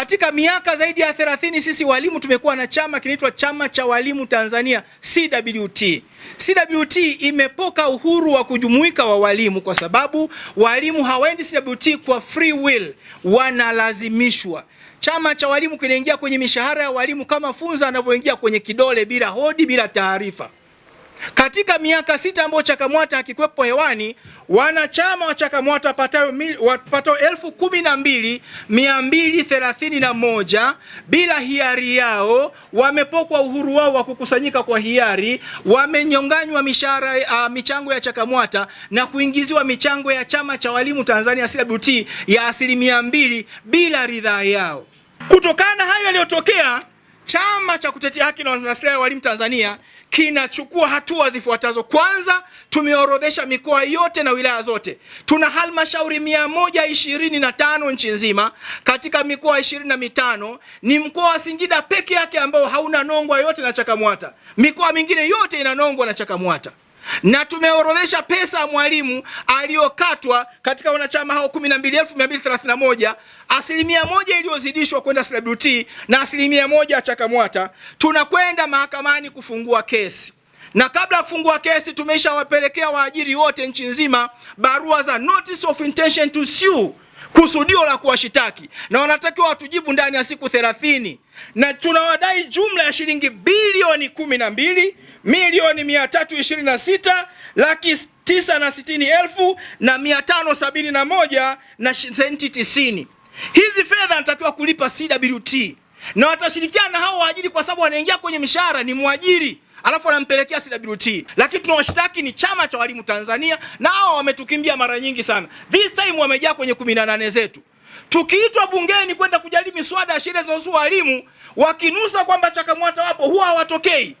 Katika miaka zaidi ya 30 sisi walimu tumekuwa na chama kinaitwa Chama cha Walimu Tanzania CWT. CWT imepoka uhuru wa kujumuika wa walimu kwa sababu walimu hawaendi CWT kwa free will, wanalazimishwa. Chama cha walimu kinaingia kwenye mishahara ya walimu kama funza anavyoingia kwenye kidole bila hodi, bila taarifa. Katika miaka sita ambayo CHAKAMWATA akikwepo hewani, wanachama wa CHAKAMWATA wapatao elfu kumi na mbili mia mbili thelathini na moja bila hiari yao wamepokwa uhuru wao wa kukusanyika kwa hiari, wamenyonganywa mishahara uh, michango ya CHAKAMWATA na kuingiziwa michango ya chama cha walimu Tanzania CWT ya asilimia mbili bila ridhaa yao. Kutokana na hayo yaliyotokea, chama cha kutetea haki na maslahi ya walimu Tanzania kinachukua hatua zifuatazo. Kwanza, tumeorodhesha mikoa yote na wilaya zote. Tuna halmashauri mia moja ishirini na tano nchi nzima. Katika mikoa ishirini na mitano ni mkoa wa Singida peke yake ambao hauna nongwa yote na CHAKAMWATA. Mikoa mingine yote ina nongwa na CHAKAMWATA na tumeorodhesha pesa ya mwalimu aliyokatwa katika wanachama hao 12231 asilimia moja iliyozidishwa kwenda CWT na asilimia moja CHAKAMWATA. Tunakwenda mahakamani kufungua kesi na kabla ya kufungua kesi tumeshawapelekea waajiri wote nchi nzima barua za notice of intention to sue, kusudio la kuwashitaki, na wanatakiwa watujibu ndani ya siku 30, na tunawadai jumla ya shilingi bilioni 12 milioni mia tatu ishirini na sita laki tisa na sitini elfu na mia tano sabini na moja na senti tisini. Hizi fedha anatakiwa kulipa CWT na watashirikiana na hao waajiri, kwa sababu wanaingia kwenye mishahara ni mwajiri alafu anampelekea CWT, lakini tunawashtaki ni chama cha walimu Tanzania, na hao wametukimbia mara nyingi sana. This time wamejaa kwenye kumi na nane zetu, tukiitwa bungeni kwenda kujadili miswada ya sheria zinazohusu walimu, wakinusa kwamba CHAKAMWATA wapo huwa hawatokei.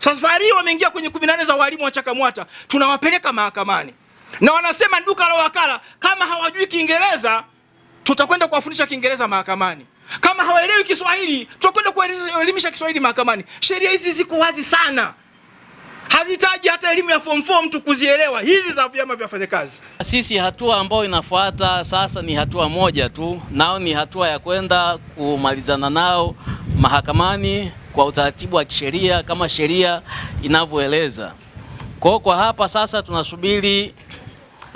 Safari hii wameingia kwenye kumi na nane za walimu wa CHAKAMWATA, tunawapeleka mahakamani na wanasema nduka la wakala, kama hawajui Kiingereza tutakwenda kuwafundisha Kiingereza mahakamani, kama hawaelewi Kiswahili tutakwenda kuelimisha Kiswahili mahakamani. Sheria hizi ziko wazi sana, hazitaji hata elimu ya form 4 mtu kuzielewa hizi za vyama vya wafanyakazi. Sisi hatua ambayo inafuata sasa ni hatua moja tu, nao ni hatua ya kwenda kumalizana nao mahakamani kwa utaratibu wa kisheria kama sheria inavyoeleza. Kwa kwa hapa sasa tunasubiri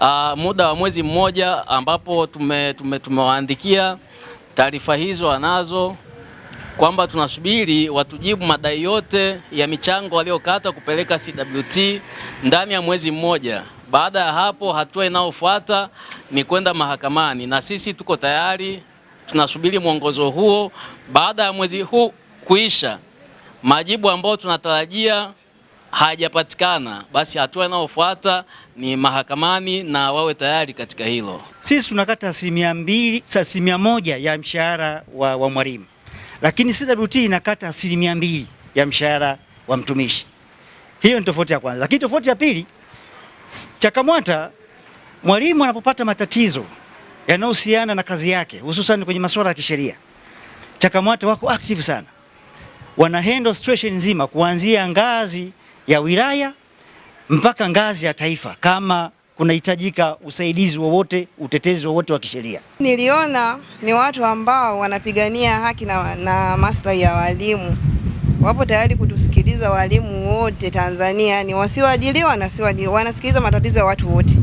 uh, muda wa mwezi mmoja ambapo tumewaandikia tume, taarifa hizo wanazo kwamba tunasubiri watujibu madai yote ya michango waliokata kupeleka CWT ndani ya mwezi mmoja. Baada ya hapo, hatua inayofuata ni kwenda mahakamani, na sisi tuko tayari, tunasubiri mwongozo huo. Baada ya mwezi huu kuisha, majibu ambayo tunatarajia hayajapatikana, basi hatua inayofuata ni mahakamani na wawe tayari katika hilo. Sisi tunakata asilimia mbili, asilimia moja ya mshahara wa, wa mwalimu, lakini CWT inakata asilimia mbili ya mshahara wa mtumishi. Hiyo ni tofauti ya kwanza, lakini tofauti ya pili, CHAKAMWATA mwalimu anapopata matatizo yanayohusiana na kazi yake, hususan kwenye masuala ya kisheria, CHAKAMWATA wako active sana wana handle situation nzima kuanzia ngazi ya wilaya mpaka ngazi ya taifa, kama kunahitajika usaidizi wowote, utetezi wowote wa kisheria. Niliona ni watu ambao wanapigania haki na, na maslahi ya walimu, wapo tayari kutusikiliza walimu wote Tanzania, ni wasioajiliwa na wasioajiliwa, wanasikiliza matatizo ya watu wote.